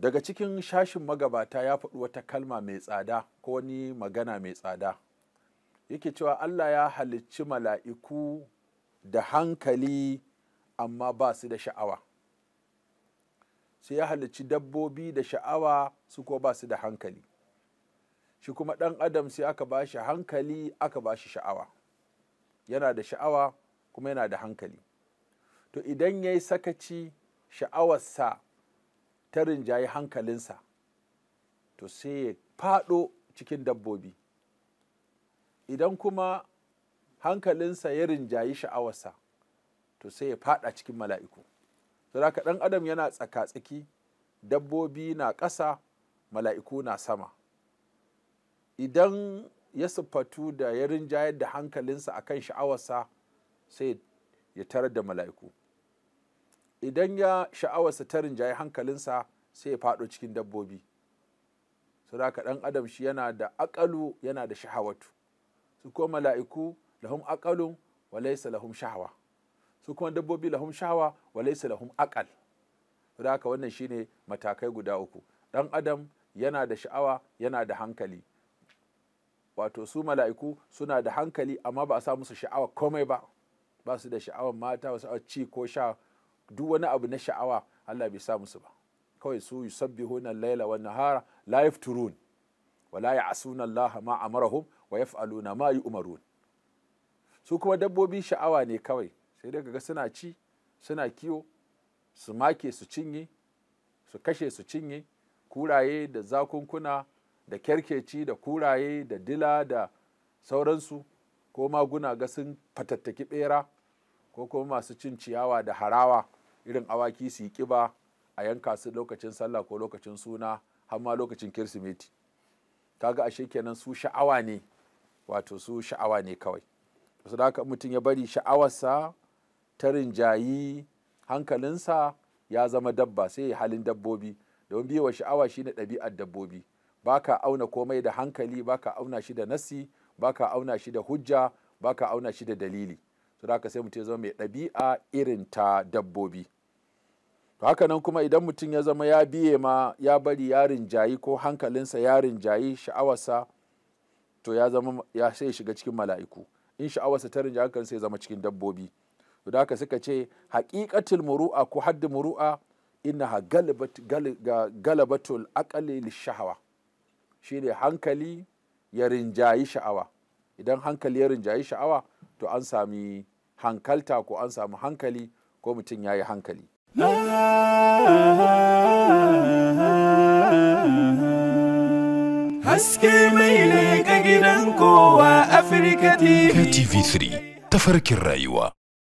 daga cikin shashin magabata ya faɗi wata kalma mai tsada ko wani magana mai tsada yake cewa allah ya halicci mala'iku da hankali amma ba su da sha'awa sai ya halicci dabbobi da sha'awa su ko ba su da hankali shi kuma ɗan adam sai aka ba shi hankali aka ba shi sha'awa yana da sha'awa kuma yana da hankali to idan ya yi sakaci sha'awarsa ta rinjayi hankalinsa to sai ya faɗo cikin dabbobi idan kuma hankalinsa ya rinjayi sha'awarsa to sai ya faɗa cikin mala'iku saboda ɗan adam yana tsaka-tsaki dabbobi na ƙasa mala'iku na sama idan ya siffatu da ya rinjayar da hankalinsa akan sha'awarsa sai ya tarar da mala'iku idan ya sha'awarsa ta rinjaye hankalinsa sai ya faɗo cikin dabbobi saboda ɗan adam shi yana da aƙalu yana da shahawatu su kuma mala'iku lahum aqalun wa laysa lahum shahawa su kuma dabbobi lahum shahawa wa laysa lahum aqal saboda haka wannan shine matakai guda uku ɗan adam yana da sha'awa yana da hankali wato su mala'iku suna da hankali amma ba a sa musu sha'awa komai ba ba su da sha'awar mata wasu ci ko sha duk wani abu na sha'awa Allah bai sa musu ba kawai su sabbi al-laila wan nahara la yafturun wa la ya'suna Allah ma amarahum wa yaf'aluna ma yu'marun su kuma dabbobi sha'awa ne kawai sai dai kaga suna ci suna kiwo su make su cinye su kashe su cinye kuraye da zakunkuna da kyarkeci da kuraye da dila da sauransu ko maguna ga sun fatattaki bera ko kuma masu cin ciyawa da harawa irin awaki su yi kiba a yanka su lokacin sallah ko lokacin suna har ma lokacin kirsimeti kaga ashe kenan su sha'awa ne wato su sha'awa ne kawai su da haka mutum ya bari sha'awarsa ta rinjayi hankalinsa ya zama dabba sai ya halin dabbobi don wa sha'awa shine ɗabi'ar dabbobi baka auna komai da hankali baka auna shi da nasi baka auna shi da hujja baka auna shi da dalili su da haka sai mutum ya zama mai ɗabi'a irin ta dabbobi to haka nan kuma idan mutum ya zama ya biye ma ya bari yarin jayi ko hankalinsa yarin jayi sha'awarsa to ya zama ya sai shiga cikin mala'iku in sha'awarsa ta rinja hankalinsa ya zama cikin dabbobi to da haka suka ce haqiqatul muru'a ko haddi muru'a innaha galabat galabatul aqli lishahawa shine hankali ya rinjayi sha'awa idan hankali ya rinjayi sha'awa to an sami hankalta ko an sami hankali ko mutum ya yi hankali haske mai ne ga gidan kowa afirka tv3 tafarkin rayuwa